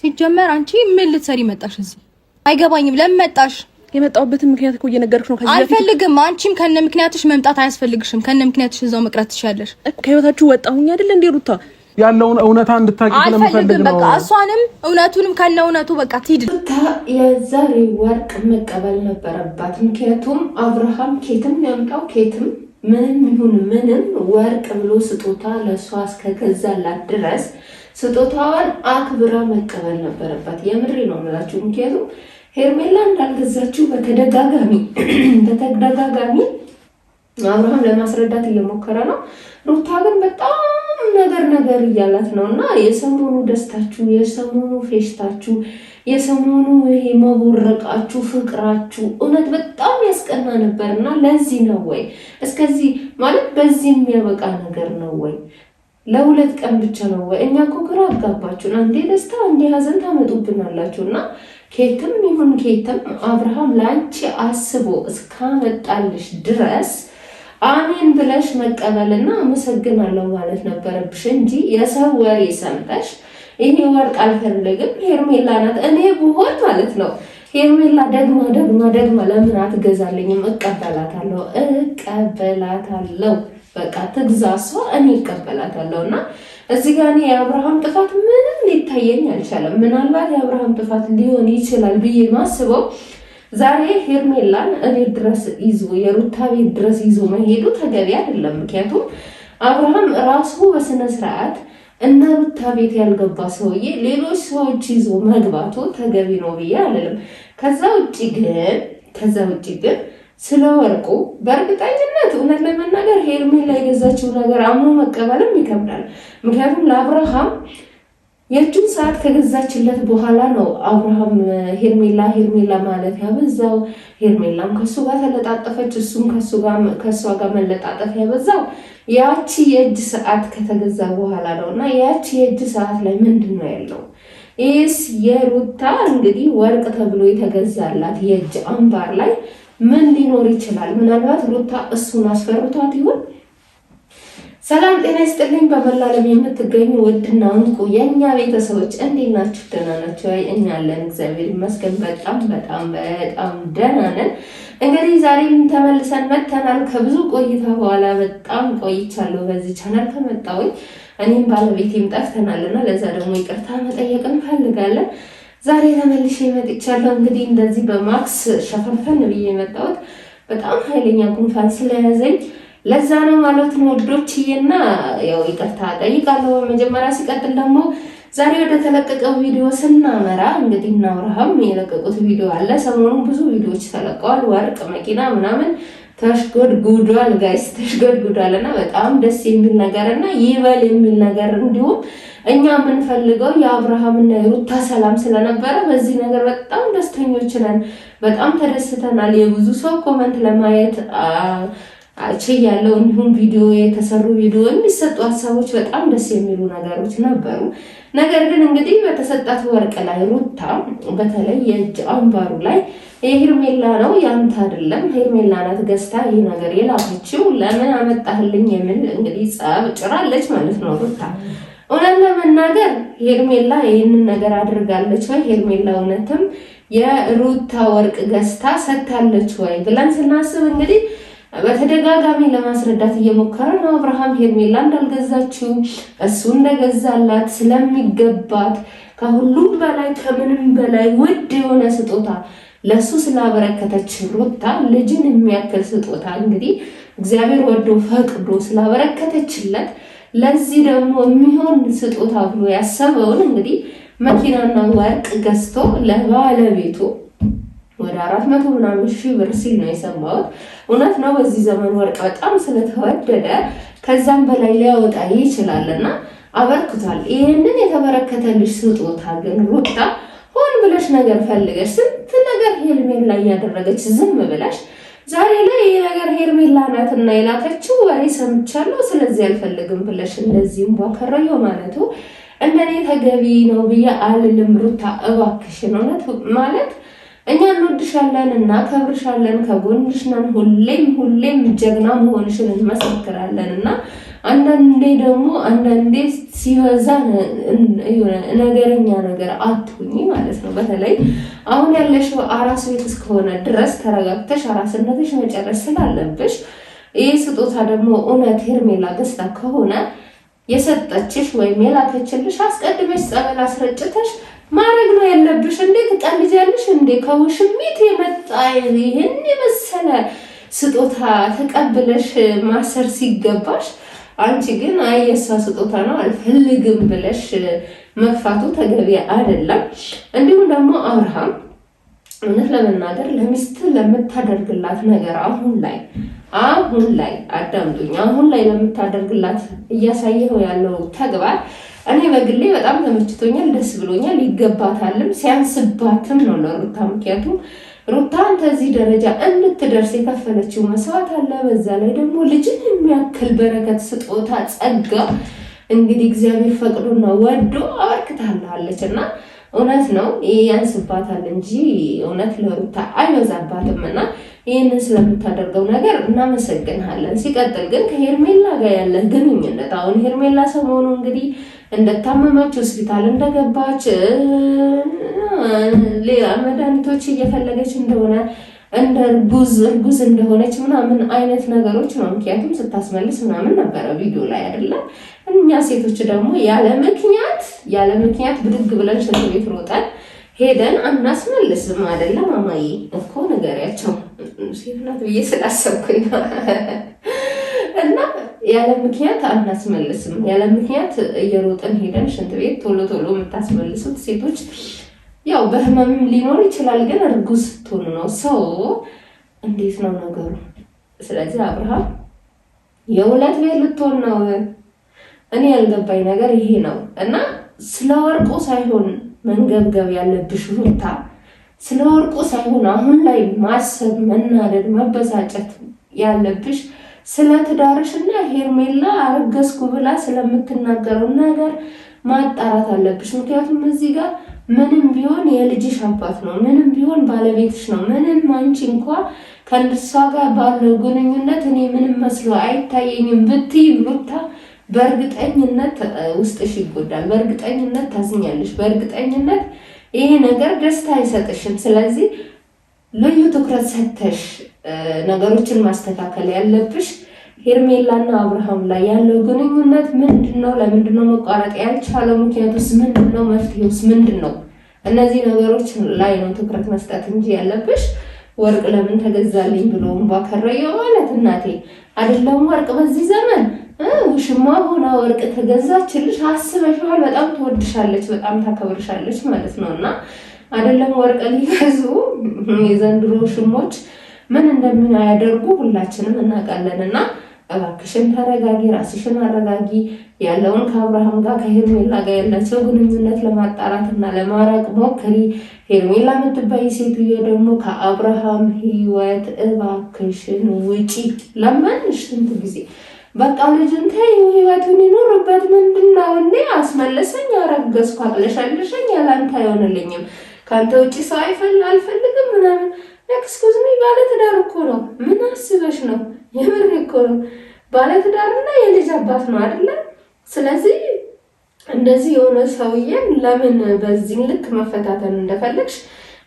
ሲጀመር አንቺ ምን ልትሰሪ መጣሽ እዚህ? አይገባኝም። ለምን መጣሽ? የመጣሁበትን ምክንያት እኮ እየነገርኩሽ ነው። ከዚህ አልፈልግም። አንቺም ከነ ምክንያትሽ መምጣት አያስፈልግሽም። ከነ ምክንያትሽ እዛው መቅረት ትችያለሽ። ከህይወታችሁ ወጣሁኝ አይደል እንዴ ሩታ? ያለውን እውነታ እንድታቂ ስለምፈልግ ነው። በቃ እሷንም እውነቱንም ከነ እውነቱ በቃ ትሂድ። የዛሬ ወርቅ መቀበል ነበረባት። ምክንያቱም አብርሃም ኬትም ያምጣው ኬትም ምንም ይሁን ምንም ወርቅ ብሎ ስጦታ ለእሷ እስከገዛላት ድረስ ስጦታዋን አክብራ መቀበል ነበረባት። የምሬ ነው የምላችሁ። ምክንያቱም ሄርሜላ እንዳልገዛችው በተደጋጋሚ በተደጋጋሚ አብርሃም ለማስረዳት እየሞከረ ነው። ሩታ ግን በጣም ነገር ነገር እያላት ነው እና የሰሞኑ ደስታችሁ፣ የሰሞኑ ፌሽታችሁ፣ የሰሞኑ ይሄ መቦረቃችሁ፣ ፍቅራችሁ እውነት በጣም ያስቀና ነበር እና ለዚህ ነው ወይ እስከዚህ ማለት በዚህ የሚያበቃ ነገር ነው ወይ ለሁለት ቀን ብቻ ነው ወይ? እኛ እኮ ግራ አጋባችሁን። አንዴ ደስታ አንዴ ሐዘን ታመጡብናላችሁ። እና ኬትም ይሁን ኬትም አብርሃም ለአንቺ አስቦ እስካመጣልሽ ድረስ አሜን ብለሽ መቀበልና አመሰግናለሁ ማለት ነበረብሽ እንጂ የሰው ወሬ ሰምተሽ ይሄ ወርቅ አልፈልግም ሄርሜላ ናት እኔ ብሆን ማለት ነው ሄርሜላ ደግማ ደግማ ደግማ ለምን አትገዛልኝም? እቀበላታለሁ እቀበላታለሁ በቃ ትግዛ እሷ እኔ ይቀበላታለሁ። እና እዚህ ጋር እኔ የአብርሃም ጥፋት ምንም ሊታየኝ አልቻለም። ምናልባት የአብርሃም ጥፋት ሊሆን ይችላል ብዬ ማስበው ዛሬ ሄርሜላን እቤት ድረስ ይዞ የሩታ ቤት ድረስ ይዞ መሄዱ ተገቢ አይደለም። ምክንያቱም አብርሃም ራሱ በስነ ስርዓት እና ሩታ ቤት ያልገባ ሰውዬ ሌሎች ሰዎች ይዞ መግባቱ ተገቢ ነው ብዬ አልልም። ከዛ ውጭ ግን ከዛ ውጭ ግን ስለ ወርቁ በእርግጠኝነት እውነት ለመናገር ሄርሜላ የገዛችው ነገር አምኖ መቀበልም ይከብዳል። ምክንያቱም ለአብርሃም የእጁን ሰዓት ከገዛችለት በኋላ ነው አብርሃም ሄርሜላ ሄርሜላ ማለት ያበዛው። ሄርሜላም ከሱ ጋር ተለጣጠፈች፣ እሱም ከእሷ ጋር መለጣጠፍ ያበዛው ያቺ የእጅ ሰዓት ከተገዛ በኋላ ነው እና ያቺ የእጅ ሰዓት ላይ ምንድን ነው ያለው? ይህስ የሩታ እንግዲህ ወርቅ ተብሎ የተገዛላት የእጅ አምባር ላይ ምን ሊኖር ይችላል? ምናልባት ሩታ እሱን አስፈርቷት ይሆን? ሰላም ጤና ይስጥልኝ። በመላ ዓለም የምትገኙ ውድና እንቁ የእኛ ቤተሰቦች እንዴት ናችሁ? ደህና ናችሁ? እኛ አለን እግዚአብሔር ይመስገን በጣም በጣም በጣም ደህና ነን። እንግዲህ ዛሬም ተመልሰን መጥተናል። ከብዙ ቆይታ በኋላ በጣም ቆይቻለሁ በዚህ ቻናል ከመጣሁኝ እኔም ባለቤቴም ጠፍተናልና ለዛ ደግሞ ይቅርታ መጠየቅ እንፈልጋለን። ዛሬ ተመልሼ መጥቻለሁ። እንግዲህ እንደዚህ በማክስ ሸፈንፈን ብዬ የመጣሁት በጣም ኃይለኛ ጉንፋን ስለያዘኝ ለዛ ነው ማለት ነው ወዶችዬና፣ ያው ይቅርታ ጠይቃለሁ መጀመሪያ። ሲቀጥል ደግሞ ዛሬ ወደ ተለቀቀው ቪዲዮ ስናመራ እንግዲህ እና አብርሃም የለቀቁት ቪዲዮ አለ። ሰሞኑን ብዙ ቪዲዮዎች ተለቀዋል። ወርቅ መኪና ምናምን ተሽጎድጉዷል ጋይስ ተሽጎድጉዷል። እና በጣም ደስ የሚል ነገር እና ይበል የሚል ነገር እንዲሁም እኛ የምንፈልገው የአብርሃምና የሩታ ሰላም ስለነበረ በዚህ ነገር በጣም ደስተኞች ነን፣ በጣም ተደስተናል። የብዙ ሰው ኮመንት ለማየት ችያለሁ። እንዲሁም ቪዲዮ የተሰሩ ቪዲዮ የሚሰጡ ሀሳቦች በጣም ደስ የሚሉ ነገሮች ነበሩ። ነገር ግን እንግዲህ በተሰጣት ወርቅ ላይ ሩታ በተለይ የእጅ አምባሩ ላይ የሄርሜላ ነው ያንተ አይደለም። ሄርሜላ ናት ገዝታ ይህ ነገር የላከችው። ለምን አመጣህልኝ የምን እንግዲህ ጸብ ጭራለች ማለት ነው ሩታ። እውነት ለመናገር ሄርሜላ ይህንን ነገር አድርጋለች ወይ፣ ሄርሜላ እውነትም የሩታ ወርቅ ገዝታ ሰጥታለች ወይ ብለን ስናስብ እንግዲህ በተደጋጋሚ ለማስረዳት እየሞከረ ነው አብርሃም። ሄርሜላ እንዳልገዛችው እሱ እንደገዛላት ስለሚገባት ከሁሉም በላይ ከምንም በላይ ውድ የሆነ ስጦታ ለእሱ ስላበረከተች ሩታ ልጅን የሚያክል ስጦታ እንግዲህ እግዚአብሔር ወዶ ፈቅዶ ስላበረከተችለት ለዚህ ደግሞ የሚሆን ስጦታ ብሎ ያሰበውን እንግዲህ መኪናና ወርቅ ገዝቶ ለባለቤቱ ወደ አራት መቶ ምናምን ሺ ብር ሲል ነው የሰማሁት። እውነት ነው፣ በዚህ ዘመን ወርቅ በጣም ስለተወደደ ከዛም በላይ ሊያወጣ ይችላልና አበርክቷል። ይህንን የተበረከተልሽ ስጦታ ግን ሩታ ብለሽ ነገር ፈልገሽ ስንት ነገር ሄርሜላ እያደረገች ዝም ብለሽ ዛሬ ላይ ይህ ነገር ሄርሜላ ናትና የላከችው ወሬ ሰምቻለሁ፣ ስለዚህ አልፈልግም ብለሽ እንደዚህም ቧከረየው ማለቱ እንደኔ ተገቢ ነው ብዬ አልልም። ሩታ እባክሽን፣ እውነት ማለት እኛ እንወድሻለን፣ እናከብርሻለን፣ ከጎንሽ ነን፣ ሁሌም ሁሌም ጀግና መሆንሽን እንመሰክራለን እና አንዳንዴ ደግሞ አንዳንዴ ሲበዛ ነገረኛ ነገር አትሁኝ ማለት ነው። በተለይ አሁን ያለሽው አራስ ቤት እስከሆነ ድረስ ተረጋግተሽ አራስነትሽ መጨረስ ስላለብሽ ይህ ስጦታ ደግሞ እውነት ሄርሜላ ገዝታ ከሆነ የሰጠችሽ ወይም የላከችልሽ አስቀድመሽ ጸበል አስረጭተሽ ማድረግ ነው ያለብሽ። እንዴ ትቀልጃለሽ እንዴ? ከውሽሚት የመጣ ይህን የመሰለ ስጦታ ተቀብለሽ ማሰር ሲገባሽ አንቺ ግን አይ የእሷ ስጦታ ነው አልፈልግም ብለሽ መግፋቱ ተገቢ አይደለም። እንዲሁም ደግሞ አብርሃም እውነት ለመናገር ለሚስት ለምታደርግላት ነገር አሁን ላይ አሁን ላይ አዳምጡኝ፣ አሁን ላይ ለምታደርግላት እያሳየው ያለው ተግባር እኔ በግሌ በጣም ተመችቶኛል፣ ደስ ብሎኛል፣ ይገባታልም ሲያንስባትም ነው ለሩታ ምክንያቱም ሩታን አንተ ደረጃ እንድትደርስ የከፈለችው መስዋዕት አለ። በዛ ላይ ደግሞ ልጅን የሚያክል በረከት፣ ስጦታ፣ ጸጋ እንግዲህ እግዚአብሔር ፈቅዶና ወዶ አበርክታለች እና እውነት ነው ያንስባታል እንጂ እውነት ለሩታ አይበዛባትም። እና ይህንን ስለምታደርገው ነገር እናመሰግንሃለን። ሲቀጥል ግን ከሄርሜላ ጋር ያለ ግንኙነት አሁን ሄርሜላ ሰሞኑ እንግዲህ እንደታመመች ሆስፒታል እንደገባች ሌላ መድኃኒቶች እየፈለገች እንደሆነ እንደ እርጉዝ እርጉዝ እንደሆነች ምናምን አይነት ነገሮች ነው። ምክንያቱም ስታስመልስ ምናምን ነበረ ቪዲዮ ላይ አይደለም እኛ ሴቶች ደግሞ ያለ ምክንያት ያለ ምክንያት ብድግ ብለን ሽንት ቤት ሮጠን ሄደን አናስመልስም። አይደለም አማዬ እኮ ንገሪያቸው ሴትነት ብዬ ስላሰብኩኝ እና ያለ ምክንያት አናስመልስም። ያለ ምክንያት እየሮጠን ሄደን ሽንት ቤት ቶሎ ቶሎ የምታስመልሱት ሴቶች ያው በህመምም ሊኖር ይችላል፣ ግን እርጉዝ ስትሆኑ ነው ሰው እንዴት ነው ነገሩ? ስለዚህ አብርሃም የሁለት ቤት ልትሆን ነው እኔ ያልገባኝ ነገር ይሄ ነው እና ስለ ወርቁ ሳይሆን መንገብገብ ያለብሽ ሩታ፣ ስለ ወርቁ ሳይሆን አሁን ላይ ማሰብ፣ መናደድ፣ መበሳጨት ያለብሽ ስለ ትዳርሽ እና ሄርሜላ አረገዝኩ ብላ ስለምትናገረው ነገር ማጣራት አለብሽ። ምክንያቱም እዚህ ጋር ምንም ቢሆን የልጅሽ አባት ነው፣ ምንም ቢሆን ባለቤትሽ ነው። ምንም አንቺ እንኳ ከእሷ ጋር ባለው ግንኙነት እኔ ምንም መስሎ አይታየኝም ብትይ ሩታ በእርግጠኝነት ውስጥሽ ይጎዳል። በእርግጠኝነት ታዝኛለሽ። በእርግጠኝነት ይሄ ነገር ደስታ አይሰጥሽም። ስለዚህ ልዩ ትኩረት ሰጥተሽ ነገሮችን ማስተካከል ያለብሽ ሄርሜላና አብርሃም ላይ ያለው ግንኙነት ምንድን ነው? ለምንድን ነው መቋረጥ ያልቻለው? ምክንያቱስ ምንድን ነው? መፍትሄውስ ምንድን ነው? እነዚህ ነገሮች ላይ ነው ትኩረት መስጠት እንጂ ያለብሽ ወርቅ ለምን ተገዛልኝ ብሎ ባከረየው ማለት እናቴ አይደለም ወርቅ በዚህ ዘመን ሽማ ሆና ወርቅ ተገዛችልሽ፣ አስበሽዋል። በጣም ትወድሻለች፣ በጣም ታከብርሻለች ማለት ነው። እና አይደለም ወርቅ ሊገዙ የዘንድሮ ሽሞች ምን እንደምን ያደርጉ ሁላችንም እናውቃለን። እና እባክሽን ተረጋጊ፣ ራስሽን አረጋጊ። ያለውን ከአብርሃም ጋር ከሄርሜላ ጋር ያላቸው ግንኙነት ለማጣራት እና ለማራቅ ሞክሪ። ሄርሜላ የምትባይ ሴትዮ ደግሞ ከአብርሃም ህይወት እባክሽን ውጪ። ለማንሽ ስንት ጊዜ በቃ ልጅን ተይው፣ ህይወቱን ይኖርበት። ምንድን ነው እኔ አስመለሰኝ፣ አረገዝኩ፣ አቅለሻለሸኝ፣ ያላንተ አይሆንልኝም፣ ከአንተ ውጭ ሰው አልፈልግም ምናምን። ኤክስኩዝ ሚ ባለትዳር እኮ ነው። ምን አስበሽ ነው? የምር እኮ ነው። ባለትዳርና የልጅ አባት ነው አይደለ? ስለዚህ እንደዚህ የሆነ ሰውዬን ለምን በዚህ ልክ መፈታተን እንደፈለግሽ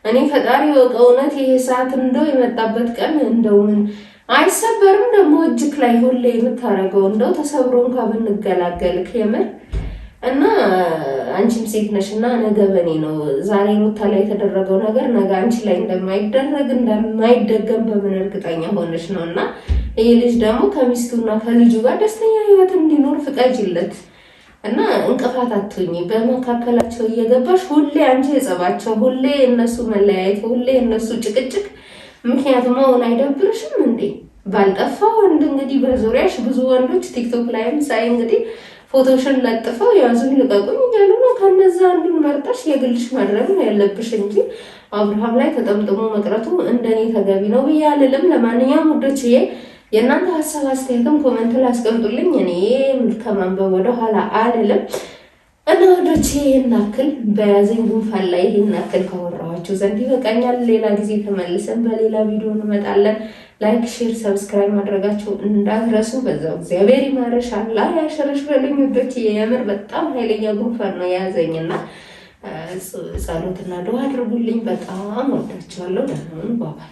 እኔ ፈጣሪ ወቀ እውነት ይሄ ሰዓት እንደው የመጣበት ቀን እንደውምን አይሰበርም ደግሞ እጅክ ላይ ሁሌ የምታደርገው እንደው ተሰብሮ እንኳ ብንገላገልክ የምር እና አንቺም ሴት ነሽ እና ነገ በኔ ነው ዛሬ ሩታ ላይ የተደረገው ነገር ነገ አንቺ ላይ እንደማይደረግ እንደማይደገም በምን እርግጠኛ ሆነሽ ነው እና ይህ ልጅ ደግሞ ከሚስቱና ከልጁ ጋር ደስተኛ ህይወት እንዲኖር ፍቀጅለት እና እንቅፋት አትሁኝ። በመካከላቸው እየገባሽ ሁሌ አንቺ የጸባቸው፣ ሁሌ እነሱ መለያየት፣ ሁሌ እነሱ ጭቅጭቅ ምክንያቱም አሁን አይደብርሽም እንዴ? ባልጠፋ ወንድ እንግዲህ በዙሪያሽ ብዙ ወንዶች ቲክቶክ ላይም ሳይ እንግዲህ ፎቶሽን ለጥፈው ያዙኝ ልቀቁኝ እያሉ ነው። ከነዛ አንዱን መርጠሽ የግልሽ ማድረግ ነው ያለብሽ እንጂ አብርሃም ላይ ተጠምጥሞ መቅረቱ እንደኔ ተገቢ ነው ብዬ አልልም። ለማንኛውም ውዶች ዬ የእናንተ ሀሳብ አስተያየትም ኮመንት ላይ አስቀምጡልኝ። እኔ ከማንበብ ወደኋላ አልልም። እና ወዶቼ ይህን ያክል በያዘኝ ጉንፋን ላይ ይህን ያክል ካወራኋቸው ዘንድ ይበቃኛል። ሌላ ጊዜ ተመልሰን በሌላ ቪዲዮ እንመጣለን። ላይክ፣ ሼር፣ ሰብስክራይብ ማድረጋቸው እንዳትረሱ። በዛው እግዚአብሔር ይማረሽ፣ አላህ ያሸረሽ በሉኝ ውዶቼ። የምር በጣም ኃይለኛ ጉንፋን ነው የያዘኝና ጸሎትና ዱዓ አድርጉልኝ። በጣም ወዳቸዋለሁ። ደህና ሁኑ። ባባይ